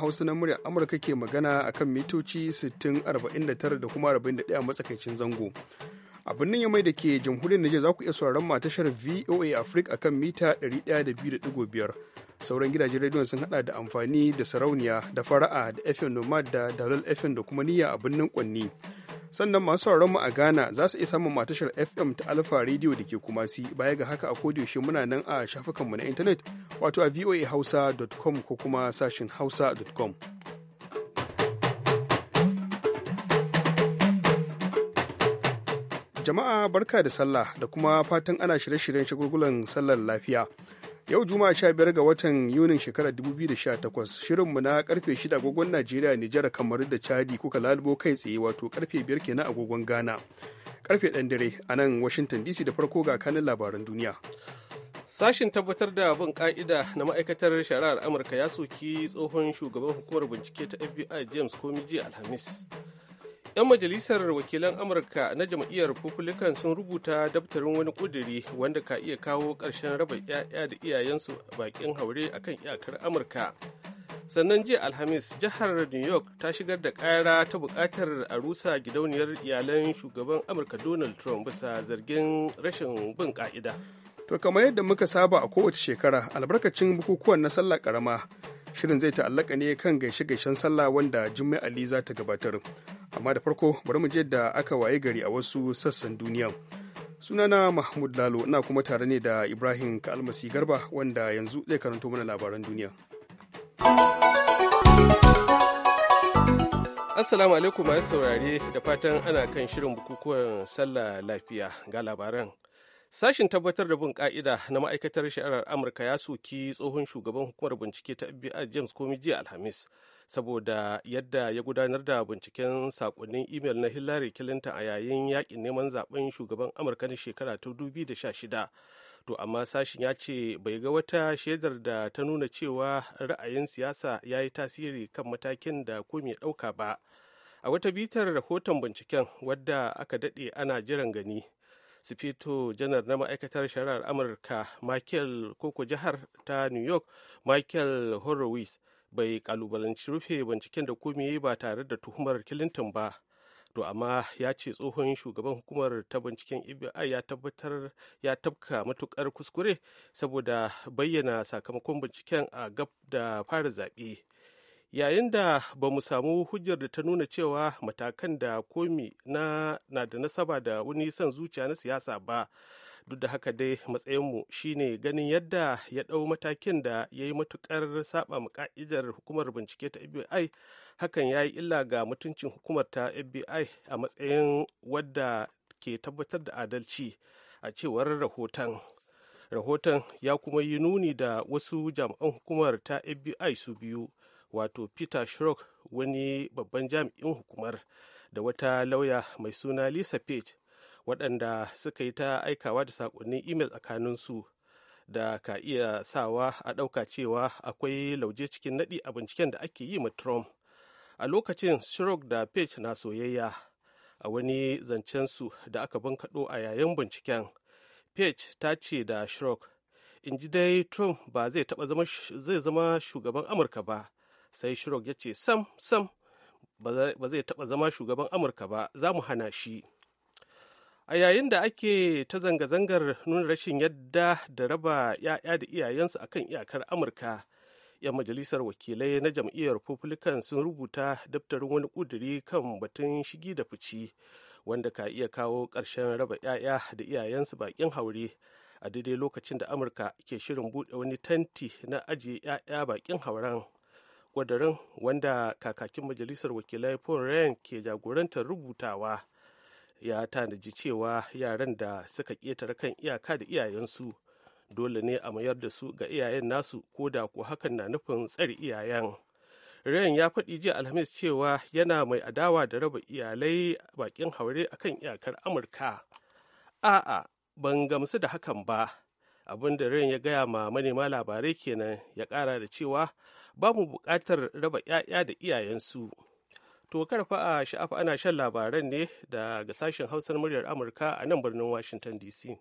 Hausa na muryar Amurka ke magana akan mitoci 6049 da kuma 41 matsakaicin zango. a birnin yamai da ke jamhuriyar Nijar za ku iya sauraron mu a tashar VOA Africa akan mita 102.5 sauran gidajen rediyon sun hada da amfani da sarauniya da fara'a da FM Nomad da Dalal FM da kuma niyya a birnin Kwanni sannan masu sauraron mu a Ghana za su iya samun matashar FM ta Alpha Radio da ke kumasi baya ga haka a yaushe muna nan a shafukanmu na intanet wato a voahausa.com ko kuma sashin hausa.com jama'a barka da sallah da kuma fatan ana shirye-shiryen shagulgulan sallar lafiya. Yau Juma'a 15 ga watan Yunin shekarar 2018 shirinmu na karfe 6 agogon Najeriya, Nijar, kamar da Chadi kuka lalubo kai tsaye wato karfe 5 kenan agogon Ghana. Karfe ɗan dare a nan Washington DC da farko ga kanin labaran duniya. Sashin tabbatar da bin ka'ida na ma'aikatar shari'ar Amurka ya soki tsohon shugaban hukumar bincike ta FBI James Comey Alhamis. 'Yan majalisar wakilan Amurka na jam'iyyar Republican sun rubuta daftarin wani ƙuduri wanda ka iya kawo ƙarshen raba 'ya'ya da iyayensu bakin haure akan iyakar Amurka. Sannan jiya Alhamis, jihar New York ta shigar da ƙara ta buƙatar a rusa gidauniyar iyalan shugaban Amurka Donald Trump bisa zargin rashin bin ƙa'ida. To kamar yadda muka saba a kowace shekara, albarkacin bukukuwan na sallah ƙarama, shirin zai ta'allaka ne kan gaishe-gaishen sallah wanda jummai ali za ta gabatar amma da farko bari mu je da aka waye gari a wasu sassan duniya sunana mahmud lalo ina kuma tare ne da ibrahim kalmasi garba wanda yanzu zai karanto mana labaran duniya assalamu alaikum masu saurare da fatan ana kan shirin bukukuwan sallah lafiya ga labaran Sashen tabbatar da bin ka'ida na ma'aikatar shari'ar Amurka ya soki tsohon shugaban hukumar bincike ta FBI James Comey jiya Alhamis saboda yadda ya gudanar da binciken sakonnin imel na Hillary Clinton a yayin yakin neman zaben shugaban Amurka na shekara ta 2016. To amma sashen ya ce bai ga wata shaidar da ta nuna cewa ra'ayin siyasa ya yi tasiri kan matakin da Comey ya ɗauka ba. A wata bitar rahoton binciken wadda aka daɗe ana jiran gani. sifito janar na ma'aikatar shari'ar amurka michael koko jihar ta new york michael horowitz bai kalubalanci rufe binciken da kome ba tare da tuhumar clinton ba to amma ya ce tsohon shugaban hukumar ta binciken FBI ya tabbatar ya tabka matukar kuskure saboda bayyana sakamakon binciken a gab da fara zaɓe yayin da ba mu samu hujjar da ta nuna cewa matakan da komi na, da nasaba da wani son zuciya na siyasa ba duk da haka dai matsayinmu shine ganin yadda ya ɗau matakin da ya yi matukar saba ma ka'idar hukumar bincike ta fbi hakan ya yi illa ga mutuncin hukumar ta fbi a matsayin wadda ke tabbatar da adalci a cewar rahoton rahoton ya kuma yi nuni da wasu jami'an hukumar ta fbi su biyu wato peter shrok wani babban jami'in hukumar da wata lauya mai suna lisa page waɗanda suka yi ta aikawa da saƙonnin imel tsakaninsu da ka iya sawa a ɗauka cewa akwai lauje cikin naɗi a binciken da ake yi ma trump a lokacin shrock da page na soyayya a wani zancensu da aka bankaɗo a yayin binciken page ta ce da shrock in ji dai trump ba zai zai zama shugaban amurka ba sai shirok ya ce sam sam ba zai taɓa zama shugaban amurka ba za mu hana shi a yayin da ake ta zanga-zangar nuna rashin yadda da raba 'ya'ya da iyayensu akan iyakar amurka 'yan majalisar wakilai na jam'iyyar republican sun rubuta daftarin wani ƙuduri kan batun shigi da fici wanda ka iya kawo ƙarshen raba 'ya'ya da iyayensu bakin haure a daidai lokacin da amurka ke shirin buɗe wani tanti na ajiye 'ya'ya bakin hauren kwadarin wanda kakakin majalisar wakilai paul ryan ke jagorantar rubutawa ya tanaji cewa yaran da suka ƙetare kan iyaka da iyayensu dole ne a mayar da su ga iyayen nasu ko da ko hakan na nufin tsare iyayen ryan ya faɗi jiya alhamis cewa yana mai adawa da raba iyalai bakin haure akan iyakar amurka a'a ban gamsu da hakan ba abin da ran ya gaya ma manema labarai kenan ya kara da cewa ba mu buƙatar raba 'ya'ya da iyayensu to karfa a sha'afa ana shan labaran ne daga sashen hausar muryar amurka a nan birnin washington dc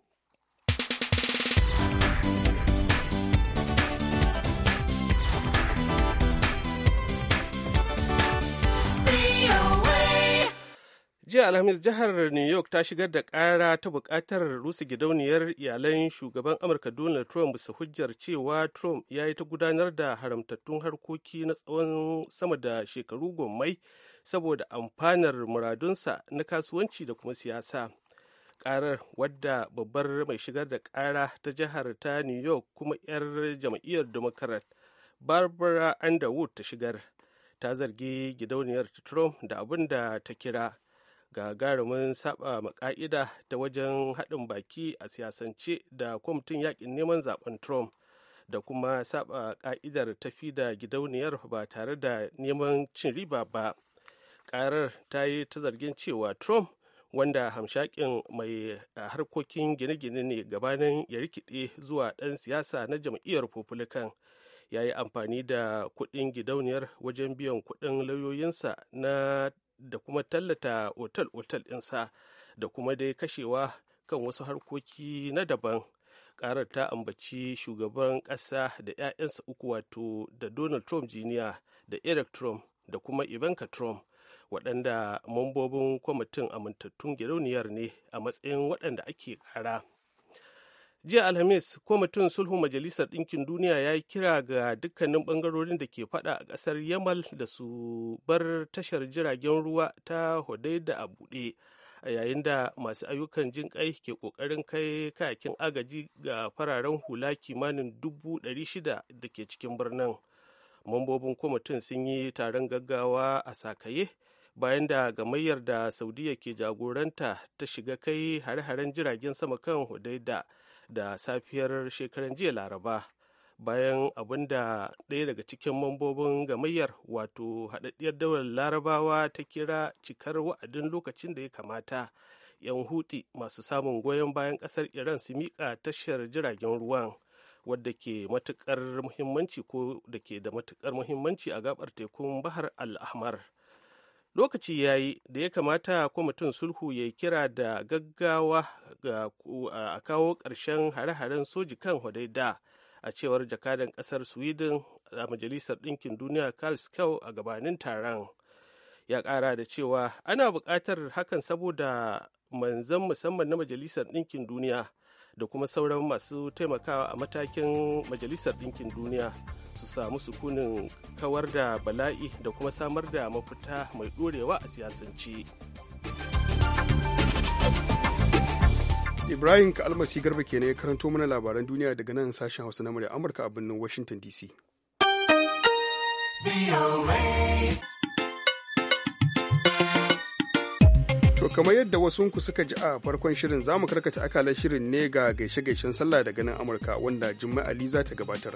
jiya alhamis jihar new york ta shigar da kara ta bukatar rusa gidauniyar iyalan shugaban amurka donald trump su hujjar cewa trump ya yi ta gudanar da haramtattun harkoki na tsawon sama da shekaru gommai saboda amfanar muradunsa na kasuwanci da kuma siyasa karar wadda babbar mai shigar da kara ta jihar ta new york kuma 'yar jam'iyyar democrat barbara underwood ta shigar ta zargi gidauniyar trump da abin da ta kira gagarumin saba maka'ida ta wajen haɗin baki a siyasance da kwamitin yakin neman zaben trump da kuma saba ka'idar tafi da gidauniyar ba tare da neman cin riba ba ƙarar ta yi ta zargin cewa trump wanda hamshakin mai harkokin gine-gine ne gabanin ya rikide zuwa ɗan siyasa na jam'iyyar republican ya yi amfani da kuɗin gidauniyar wajen biyan kuɗin lauyoyinsa na da kuma tallata otal-otal ɗinsa da kuma dai kashewa kan wasu harkoki na daban karar ta ambaci shugaban ƙasa da 'ya'yansa uku wato da donald trump jr da eric trump da kuma ivanka trump waɗanda mambobin kwamitin amintattun gidauniyar ne a matsayin waɗanda ake ƙara. jiya alhamis kwamitin sulhu majalisar ɗinkin duniya ya yi kira ga dukkanin ɓangarorin da ke faɗa a ƙasar yamal da su bar tashar jiragen ruwa ta hodaida a buɗe a yayin da masu ayyukan jin kai ke ƙoƙarin kai kayakin agaji ga fararen hula kimanin dubu ɗari shida da ke cikin birnin mambobin kwamitin sun yi taron gaggawa a sakaye bayan da gamayyar da saudiya ke jagoranta ta shiga kai hare-haren jiragen sama kan hudaida da safiyar shekaran jiya laraba bayan abin da ɗaya daga cikin mambobin gamayyar wato haɗaɗɗiyar daular larabawa ta kira cikar wa'adin lokacin da ya kamata yan huti masu samun goyon bayan ƙasar iran su miƙa tashar jiragen ruwan wadda ke matuƙar muhimmanci ko da ke da matuƙar muhimmanci a gabar tekun bahar al-ahmar lokaci ya yi da ya kamata kwamitin sulhu ya kira da gaggawa ga a kawo ƙarshen hare-haren soji kan hodaida a cewar jakadan ƙasar sweden a majalisar ɗinkin duniya karl a gabanin taron ya ƙara da cewa ana buƙatar hakan saboda manzan musamman na majalisar ɗinkin duniya da kuma sauran masu taimakawa a matakin majalisar ɗinkin duniya samu sukunin kawar da bala'i da kuma samar da mafita mai ɗorewa a siyasance. Ibrahim almasi Garba ke ne karanto mana labaran duniya daga nan sashen Hausa na murya Amurka a birnin Washington DC. To kamar yadda wasu wasunku suka ji a farkon shirin zamu karkata akalar shirin ne ga gaishe-gaishen sallah daga nan Amurka wanda juma'a Ali za ta gabatar.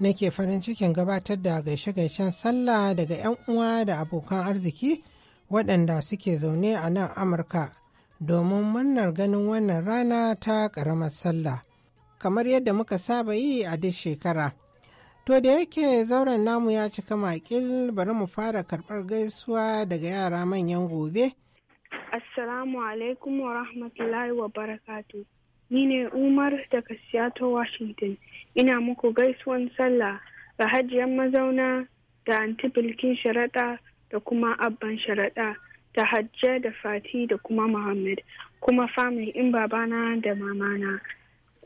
nake farin cikin gabatar da gaishe-gaishen sallah daga 'yan uwa da abokan arziki waɗanda suke zaune a nan amurka domin murnar ganin wannan rana ta ƙaramar sallah kamar yadda muka saba yi a duk shekara to da yake zauren namu ya cika makil bari mu fara karɓar gaisuwa daga yara manyan gobe assalamu alaikum wa rahmatullahi wa barakatu ni ne umar daga seattle washington ina muku gaisuwan sallah ga hajiyar mazauna da antibilkin sharaɗa da kuma abban sharaɗa da hajjiyar da fati da kuma muhammad kuma fami in babana da mamana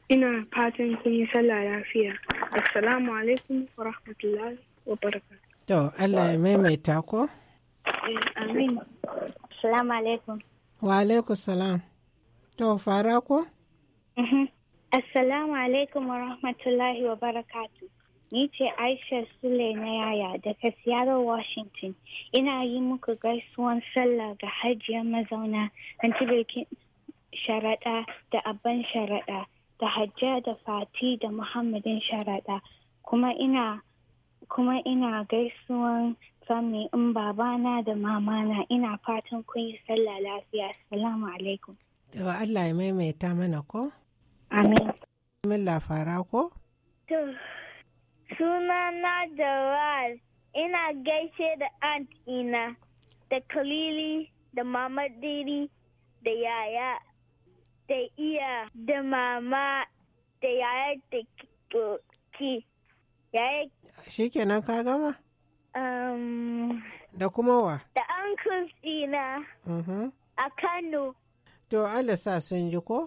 ina fatan kun yi sallah lafiya assalamu alaikum wa rahmatullahi wa barka. to allah ya maimaita ko eh, amin assalamu alaikum wa alaikum salam to fara ko mhm. Assalamu alaikum wa rahmatullahi wa barakatu. Ni ce Aisha Sule na yaya daga Seattle, Washington. Ina yi muku gaisuwan sallah ga hajiyar mazauna anti Bilkin sharaɗa da abban sharaɗa da hajja da fati da muhammadin sharaɗa kuma ina gaisuwan family in babana da mamana ina fatan kun yi sallah lafiya assalamu alaikum. Yawa Allah ya maimaita mana ko? Amin. Min lafara ko? To, suna na Jawal, ina gaishe da aunt ina, da Kalili, da Mama Diri, da Yaya, da Iya, da Mama, da Yaya da Ki. Yaya. Shi kenan ka gama? Um, da kuma wa? Da uncles ina. Uh mm-hmm. -huh. A Kano. To, Allah sa sun ji ko?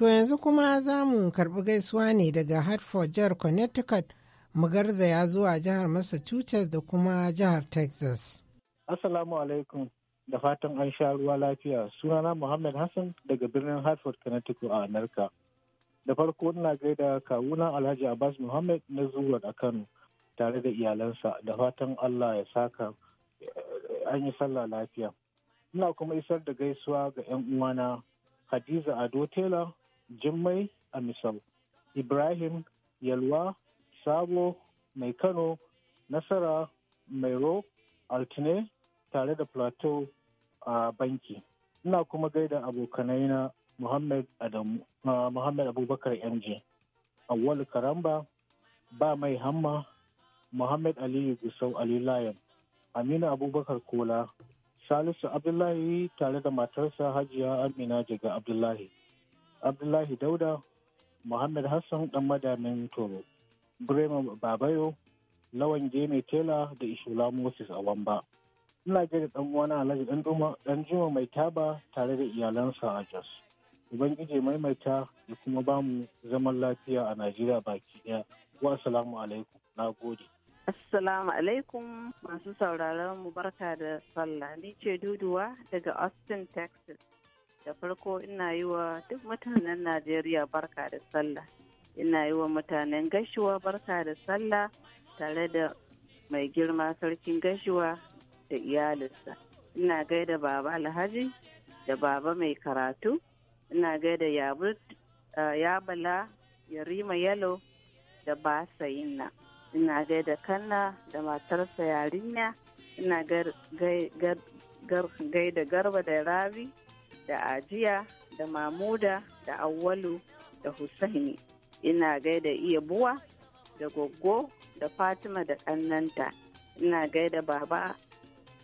To yanzu kuma za mu karɓi gaisuwa ne daga Hartford jihar Connecticut mu garzaya zuwa jihar Massachusetts da kuma jihar Texas. Assalamu alaikum da fatan an sha ruwa lafiya sunana Muhammad Hassan daga birnin Hartford Connecticut a Amurka. Da farko ina gaida kawuna Alhaji Abbas Muhammad na zuwa a Kano tare da iyalansa da fatan Allah ya saka eh, an yi sallah lafiya. Ina kuma isar da gaisuwa ga 'yan uwana Hadiza Ado Taylor Jummai a misal Ibrahim Yalwa, Sabo Mai Kano, Nasara Mairo, Altine tare da Plateau a banki. Ina kuma gaida abokanai na Muhammad Abubakar MJ, Awwalu Karamba, Ba Mai Hamma, Muhammad Aliyu Gusau Ali Layan, Aminu Abubakar Kola, Salisu Abdullahi tare da matarsa Hajiya Amina daga Abdullahi. Abdullahi Dauda, Muhammad Hassan dan madamin Toro, Bremer Babayo, Lawan Jeme Tela da Ishula Moses a Wamba. Ina gida dan uwana Alhaji dan Juma mai taba tare da iyalansa a Jos. Ubangiji maimaita da kuma bamu zaman lafiya a Najeriya baki ɗaya. Wa assalamu alaikum. Na gode. Assalamu alaikum masu sauraron mu barka da sallah. Ni ce Duduwa daga Austin, Texas. da farko ina yi wa duk mutanen najeriya barka da sallah ina yi wa mutanen gashuwa barka da sallah tare da mai girma sarkin gashuwa da iyalinsa ina gaida baba alhaji da baba mai karatu ina gaida yabala yarima yalo da basayinna ina gaida kanna da matarsa yarinya ina gaida garba da rabi da ajiya da mamuda da awwalu da husaini ina gaida iya buwa da goggo da fatima da ƙannanta ina gaida baba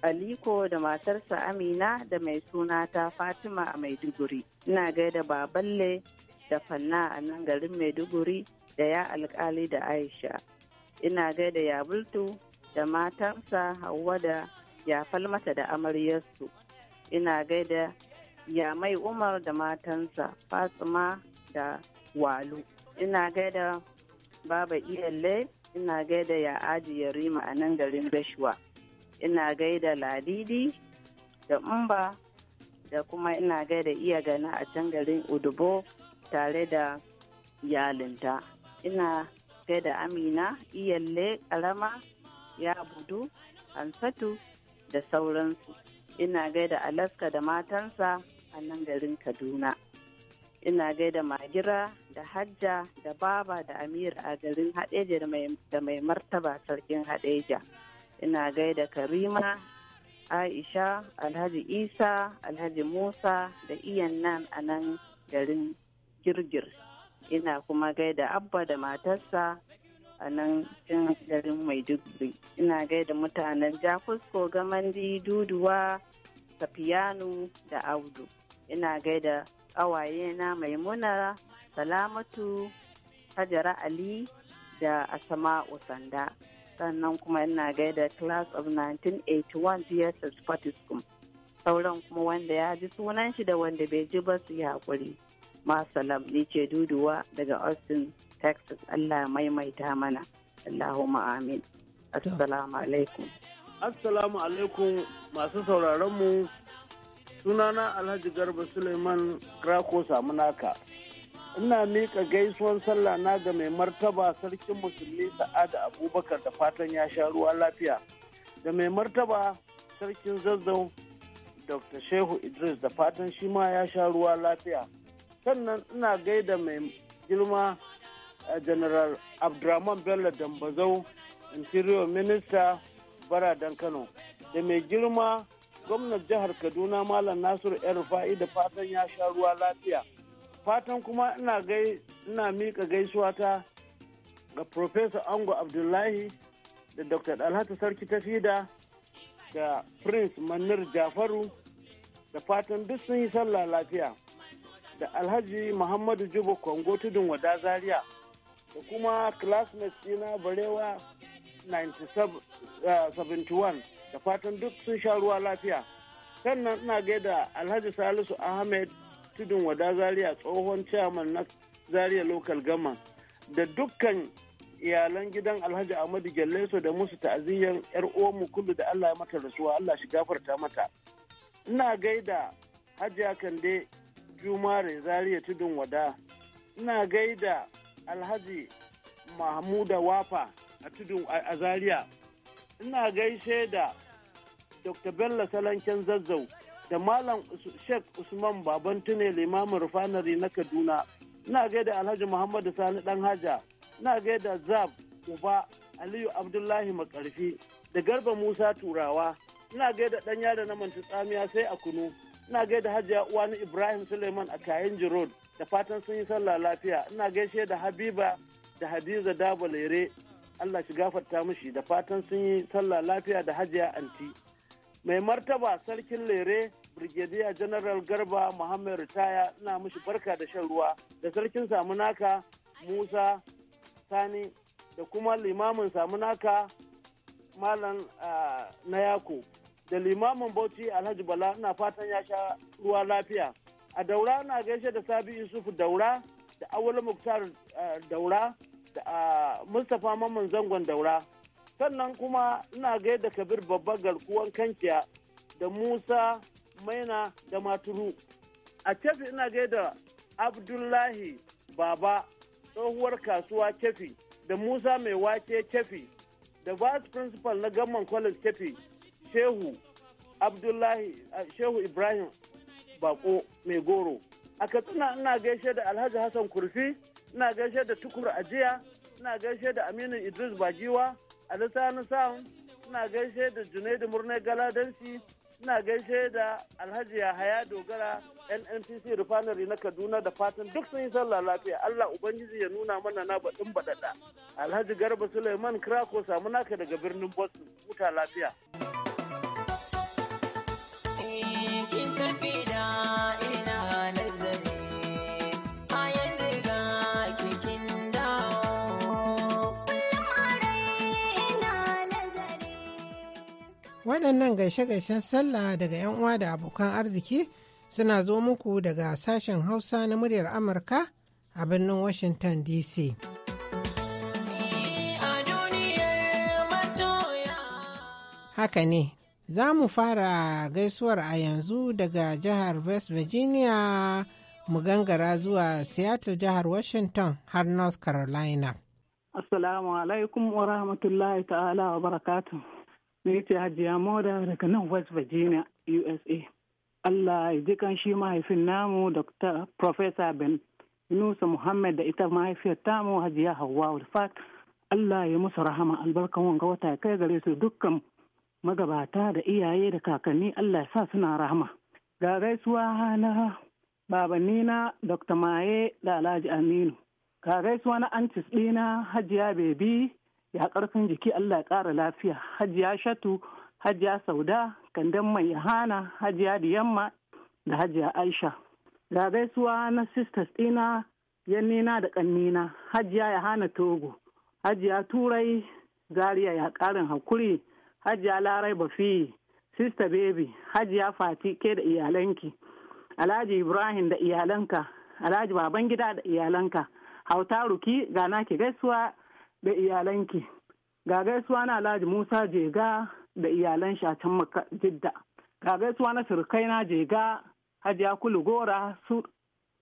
aliko da matarsa amina da mai suna ta fatima a maiduguri ina gaida baballe da fanna a nan garin maiduguri da ya alkali da aisha ina gaida yabultu da matarsa hauwa da ya falmata da amaryarsu ina gaida ya mai umar da matansa fatsima da walu ina gaida baba iyalle ina gaida ya ya rima a nan garin gashuwa ina gaida ladidi da umba da kuma ina gaida iya gana a can garin udubo tare da yalinta ina gaida amina iyalle karama ya budu ansatu da sauransu ina gaida alaska da matansa a nan garin Kaduna. Ina gaida magira da hajja da baba da amira a garin Hadeja da mai martaba sarkin Hadeja Ina gaida Karima, Aisha, Alhaji Isa, Alhaji Musa da iyan nan a nan garin girgir. Ina kuma gaida abba da matarsa a nan cin garin maiduguri ina gaida mutanen jakusko gamandi duduwa safiyanu da audu ina gaida ƙawaye na maimuna salamatu hajara ali da asama'u sanda sannan kuma ina gaida class of 1981 dss patiskum sauran kuma wanda ya ji sunan shi da wanda bai ji ba su yi haƙuri masalam ni ce duduwa daga austin texas allah maimaita mana allahumma amin assalamu alaikum assalamu alaikum masu sauraron mu sunana alhaji garba suleiman krako samunaka ina miƙa gaisuwan sallah na ga mai martaba sarkin musulmi sa'ada abubakar da fatan ya sha ruwa lafiya da mai martaba sarkin zazzau dr shehu idris da fatan shi ma ya sha ruwa lafiya sannan ina gaida mai girma eh, general abdurrahman bello dambazau interior minister bara dan kano da mai girma gwamnan jihar kaduna malam nasiru yan rufa'i da fatan ya sha ruwa lafiya fatan kuma ina gai ina miƙa gaisuwa ta ga professor ango abdullahi da dr alhatu sarki tafida da prince manir jafaru da fatan duk sun yi sallah lafiya da alhaji muhammadu jubo kongo tudun wada zaria da kuma classmates dina barewa 1971 uh, da fatan duk sun sha ruwa lafiya sannan ina gaida alhaji salisu ahmed tudun wada zaria tsohon chairman na zaria local gama da dukkan iyalan gidan alhaji ahmadu gyalleso da musu ta'aziyyar yar uwanmu kullu da allah ya mata rasuwa allah shi gafarta mata ina gaida hajiya kande jumare zaria tudun wada ina gaida alhaji mahmuda wafa a tudun a zaria ina gaishe da dr bello salanken zazzau da malam sheikh usman baban tune limamin rufanari na kaduna ina gaida alhaji muhammadu sani dan haja ina gaida zab uba aliyu abdullahi makarfi da garba musa turawa ina gaida dan yada na manta tsamiya sai a kunu ina gaida hajiya uwani ibrahim suleiman a kayan road da fatan sun yi sallah lafiya ina gaishe da habiba da hadiza dabalere Allah shi gafarta mishi da fatan sun yi sallah lafiya da hajiya anti mai martaba sarkin lere brigadier general garba muhammad ritaya ina mushi barka da shan ruwa da sarkin samunaka musa sani da kuma limamin samunaka malam na yako da limamin bauchi alhaji bala ina fatan ya sha ruwa lafiya a daura na gaishe da sabi yusuf daura da Awul muktar daura mustapha mamman zangon daura sannan kuma ina gaida kabir babba garkuwan kankiya da musa maina da maturu a kefi ina gaida abdullahi baba tsohuwar kasuwa kefi da musa mai wake kefi da vice principal na gamman college kefi shehu abdullahi shehu ibrahim bako mai goro a katsina ina gaishe da alhaji hassan kurfi ina gaishe da tukur ajiya ina gaishe da aminu idris bagiwa a lissanin sam ina gaishe da junaidu murnai galadansi ina gaishe da alhaji yahaya dogara nnpc refinery na kaduna da fatan duk sun yi sallah lafiya allah ubangiji ya nuna mana na baɗin baɗaɗa alhaji garba suleiman ko samu naka daga birnin boston huta lafiya. waɗannan gaishe-gaishen sallah daga 'yan uwa da abokan arziki suna zo muku daga sashen hausa na muryar amurka a birnin washington dc haka ne za mu fara gaisuwar a yanzu daga jihar west virginia mu gangara zuwa seattle jihar washington har north carolina assalamu alaikum wa rahmatullahi ta'ala wa barakatuh Ni ce Hajiya Moda daga nan West Virginia, USA. Allah ya ji kan shi mahaifin namu Dr. Professor Ben Nusa Muhammad da ita mahaifiyar tamu Hajiya Hawwa Ulfat. Allah ya musu rahama albarkan wanga wata ya kai gare su dukkan magabata da iyaye da kakanni Allah ya sa suna rahama. Ga gaisuwa na babanina Dr. Maye da Alhaji Aminu. Ga gaisuwa na antis ɗina Hajiya Bebi ya karfin jiki Allah ya ƙara lafiya hajiya shatu hajiya sauda kandan mai Yahana, hajiya diyamma da hajiya aisha ga gaisuwa na sisters ɗina yannina da ƙannina hajiya Yahana togo hajiya turai zaria ya ƙarin hakuri hajiya larai bafi sista baby hajiya fati ke da iyalanki alhaji ibrahim da iyalanka alhaji babangida da iyalanka hautaruki ga ke gaisuwa da iyalanki ga gaisuwa na alhaji musa jega da iyalan shi a can jidda ga gaisuwa na na jega hajiya kulu gora su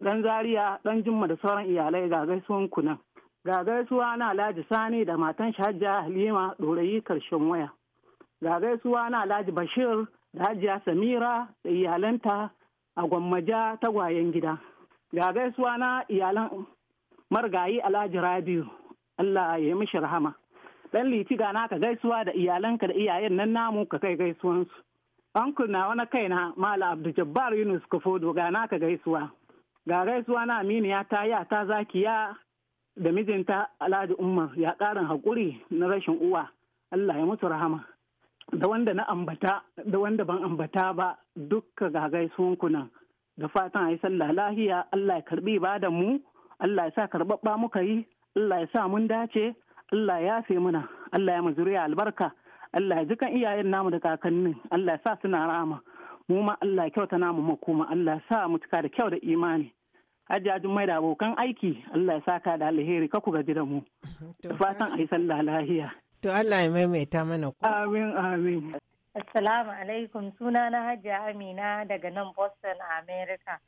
dan zaria dan jimma da sauran iyalai ga gaisuwan ku nan ga gaisuwa na alhaji sani da matan shi hajiya halima dorayi karshen waya ga gaisuwa na alhaji bashir da hajiya samira da iyalanta a gwammaja tagwayen gida ga gaisuwa na iyalan marigayi alhaji rabiu Allah ya mishi rahama dan liti ga naka gaisuwa da iyalanka da iyayen nan namu ka kai gaisuwansu ankul na wani kaina mala abdu jabbar yunus kafodo ga naka gaisuwa ga gaisuwa na aminiya ta ya ta zakiya da mijinta alhaji umar ya karin hakuri na rashin uwa allah ya musu rahama da wanda na ambata da wanda ban ambata ba dukka ga gaisuwan kunan da fatan ayi sallah lahiya allah ya karbi da mu allah ya sa karɓaɓɓa muka yi Allah ya sa mun dace Allah ya yafe muna Allah ya mu zuriya albarka Allah ya jikan iyayen namu da kakannin Allah ya sa suna rama mu ma Allah ya kyauta namu makoma Allah ya sa mu cika da kyau da imani Hajjajin Jummai da abokan aiki Allah ya saka da alheri ka ku gaji da mu fatan yi sallah lahiya to Allah ya maimaita mana ku amin amin Assalamu alaikum sunana Hajji Amina daga nan Boston a America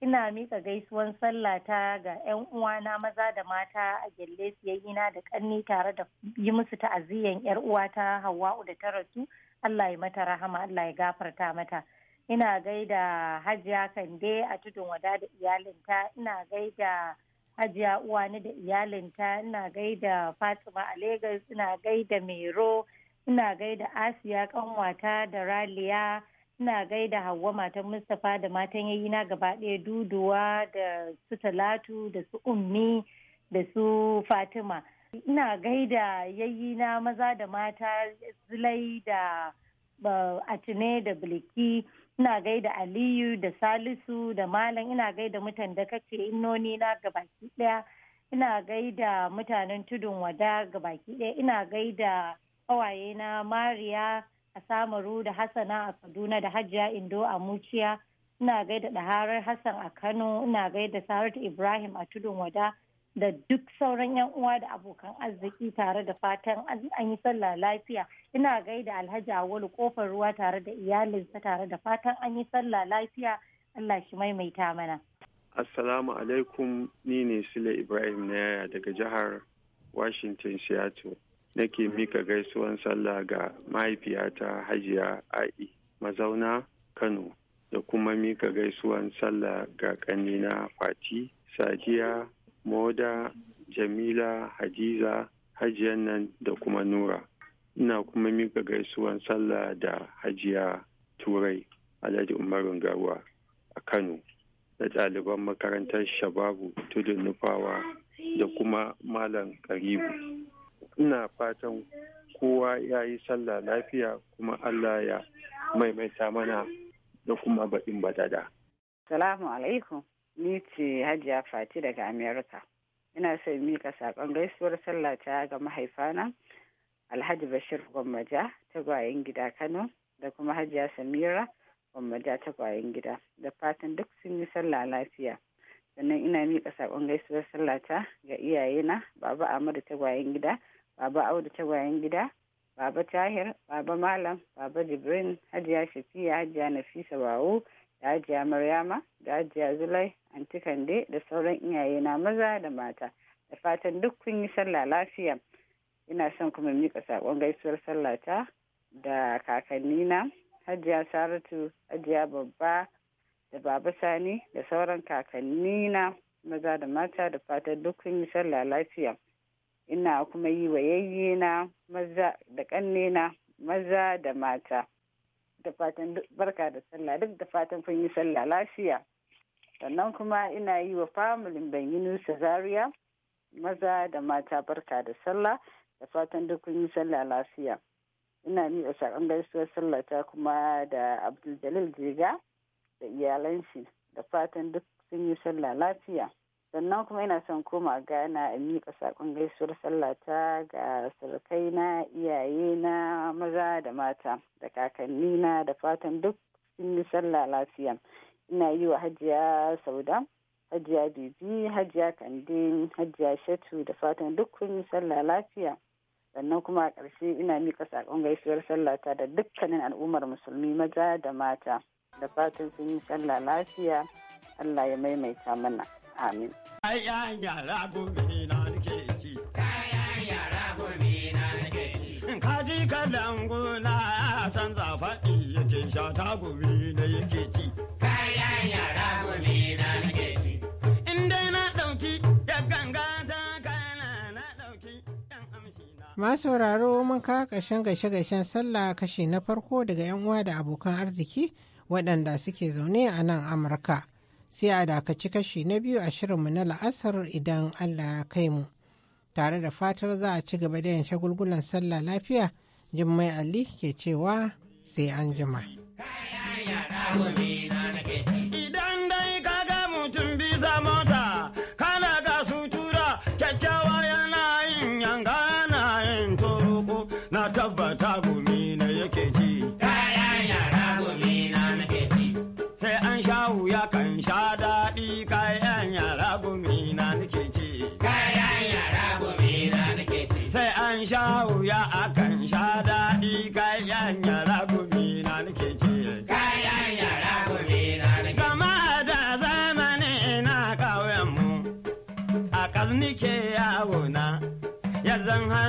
ina mika gaisuwan sallah ta ga 'yan uwana maza da mata a gyalle siyayyina da ƙanni tare da yi musu ta'aziyyan 'yar uwata hawa'u da ta rasu allah ya mata rahama allah ya gafarta mata ina gaida hajiya kande a tudun wada da iyalinta ina gaida hajiya uwani da iyalinta ina gaida fatima a Legas ina gaida mero ina gaida asiya kanwata da raliya ina gaida Hauwa matan Mustapha da matan yayi na gaba ɗaya duduwa da su Talatu da su Ummi da su Fatima. Ina gaida yayi na maza da mata Zulai da uh, Atine da Bilki. Ina gaida Aliyu da Salisu da Malam ina gaida mutan da kake innoni na gabaki ɗaya. Ina gaida mutanen tudun wada gabaki ɗaya. Ina gaida ƙawaye na Mariya a samaru da hassana a kaduna da hajiya indo a muciya ina gaida ɗaharar hassan a kano ina gaida saratu ibrahim a tudun wada da duk sauran yan uwa da abokan arziki tare da fatan an yi sallah lafiya ina gaida alhaji awolu kofar ruwa tare da iyalinsa tare da fatan an yi sallah lafiya allah shi maimaita mana assalamu alaikum ni ne sule ibrahim na yaya daga jihar washington seattle nake mika gaisuwan sallah ga mahaifiyata hajiya a'i mazauna kano da kuma mika gaisuwan sallah ga kanina fati sadiya moda jamila hadiza hajiyan nan da kuma nura ina kuma mika gaisuwan sallah da hajiya turai alhaji umarin garuwa a kano da ɗaliban makarantar shababu tudun nufawa da kuma malam karibu ina fatan kowa ya yi sallah lafiya kuma Allah ya maimaita mana da kuma baɗin badada. Salamu alaikum, ni ce Hajiya Fati daga Amerika. Ina so mika saƙon gaisuwar sallah ta ga mahaifana Alhaji Bashir Gwammaja ta gwayin gida Kano da kuma Hajiya Samira Gwammaja ta gwayin gida da fatan duk sun yi sallah lafiya. Sannan ina mika saƙon gaisuwar sallah ta ga iyayena Baba Amadu ta gwayin gida. baba audu ta gwayan gida baba tahir baba malam baba jibrin hajiya shafiya hajiya nafisa bawo da hajiya maryama da hajiya zulai anti kande da sauran iyaye na maza da mata da fatan duk kun yi sallah lafiya ina son kuma miƙa saƙon gaisuwar sallata da kakannina hajiya saratu hajiya babba da baba sani da sauran kakannina maza da mata da fatan duk kun yi sallah lafiya ina kuma yi wa yayyena maza da ƙannena maza da mata da fatan barka da sallah duk da fatan kun yi sallah lafiya sannan kuma ina yi wa familin ban yunusa zaria maza da mata barka da sallah da fatan duk kun yi sallah lafiya ina a sakon gaisuwar sallah ta kuma da abdul jalil jiga da iyalan shi da fatan duk sun yi sallah lafiya sannan kuma ina son koma gana a miƙa saƙon gaisuwar sallata ga surukai na iyaye na maza da mata da kakanni na da fatan duk sun yi sallah lafiya ina yi wa hajiya sauda hajiya bibi hajiya kande hajiya shatu da fatan duk kun yi sallah lafiya sannan kuma a ƙarshe ina miƙa saƙon gaisuwar sallata da dukkanin al'ummar musulmi maza da mata da fatan sun yi sallah lafiya Allah ya maimaita mana amin na ci na ci kaji kalan gona canza faɗi yake sha ta gobe na yake ci kayan yara gobe na nake ci in dai na ɗauki ya ganga ta kana na ɗauki ɗan amshi na ma sauraro mun ka ƙarshen gashe-gashen sallah kashi na farko daga 'yan uwa da abokan arziki waɗanda suke zaune a nan Amurka. sai a dakaci kashi na biyu a shirinmu na la'asar idan Allah ya kai mu. Tare da fatar za a ci gaba da yin shagulgulan sallah lafiya, Jummai Ali ke cewa sai an jima.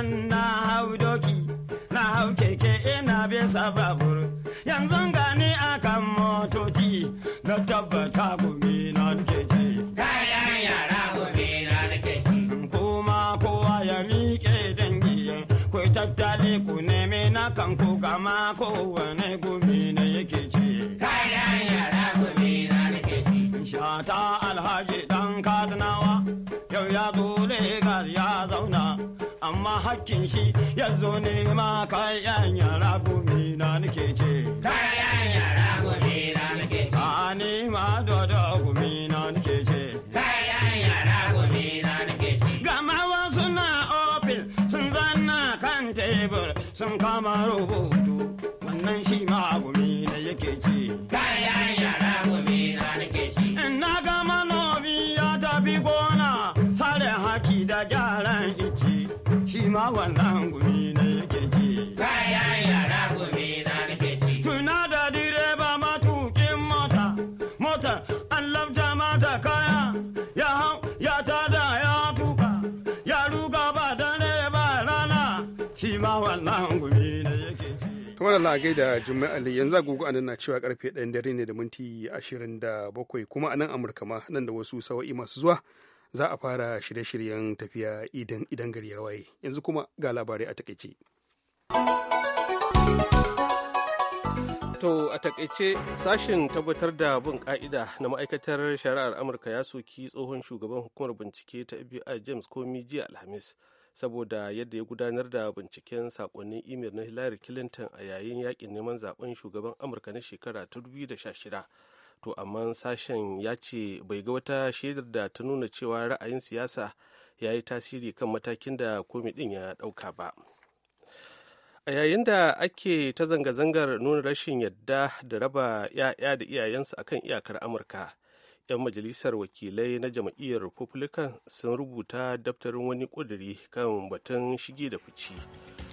nan na hau doki na hau keke ina bi babur yanzu gani akan motoci na tabbata gumi na duke kayan yara gumi na duke kuma kowa ya miƙe dangi ku tattale ku neme na kan ku gama kowane gumi na yake ci kayan yara gumi na duke shata alhaji dan kadnawa yau ya zo amma hakkin shi ya zo ne ma kayan yara gumi na nake ce. Kayan yara gumi na nake ce. A ni ma dodo gumi na nake ce. Kayan yara gumi na nake ce. Gama wasu na ofil sun zanna kan tebur sun kama rubutu wannan shi ma gumi na yake ce. Kayan yara ma wannan gumi na yake ci. Kayan yara gumi na nake ci. Tuna da direba matukin mota, mota an labta mata kaya, ya hau ya tada ya tuka, ya ruga ba dare ba rana, shi ma wannan gumi na yake ci. kamar Allah gaida Jummai Ali yanzu agogo anan na cewa karfe 1 dare ne da minti 27 kuma anan Amurka ma nan da wasu sawa'i masu zuwa za a fara shirye-shiryen tafiya idan gari ya waye yanzu kuma ga labarai a takaice To a takaice sashen tabbatar da bin ka'ida na ma'aikatar shari'ar Amurka ya soki tsohon shugaban hukumar bincike ta FBI James Comey jiya Alhamis saboda yadda ya gudanar da binciken sakonnin imir na Hillary Clinton a yayin yakin neman zaben shugaban Amurka na shekara ta 2016 to amma sashen ya ce bai ga wata shaidar da ta nuna cewa ra'ayin siyasa ya yi tasiri kan matakin da komi ɗin ya ɗauka ba a yayin da ake ta zanga-zangar nuna rashin yadda da raba 'ya'ya da iyayensu akan iyakar amurka 'yan majalisar wakilai na jam'iyyar republican sun rubuta daftarin wani ƙuduri kan batun shige da fici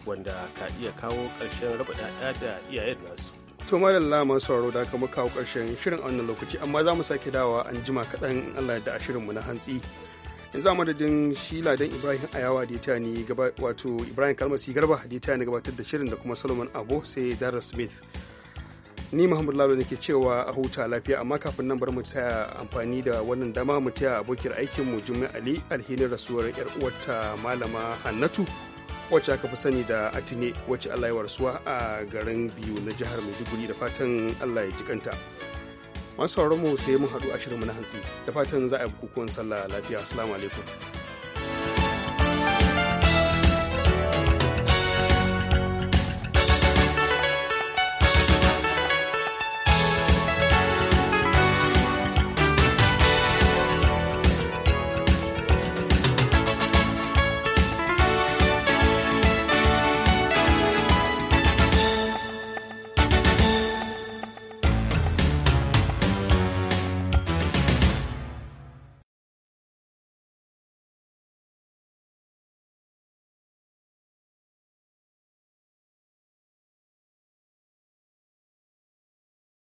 wanda ka iya kawo ƙarshen raba 'ya'ya da iyayen nasu to madalla masu sauraro da aka muka kawo ƙarshen shirin a wannan lokaci amma za mu sake dawa an jima kaɗan Allah da mu na hantsi yanzu a madadin shi ladan ibrahim ayawa da ita ne wato ibrahim kalmasi garba da ita ne gabatar da shirin da kuma solomon abo sai dara smith ni muhammad lalo ne ke cewa a huta lafiya amma kafin nan bar mu ta amfani da wannan dama mu taya abokin aikin mu jummai ali alhinin rasuwar yar uwarta malama hannatu wacce aka fi sani da atine wacce allah ya warsuwa a garin biyu na jihar maiduguri da fatan allah ya jikanta masu mu sai mun haɗu a mu na hantsi da fatan za a yi bukukuwan sallah lafiya assalamu alaikum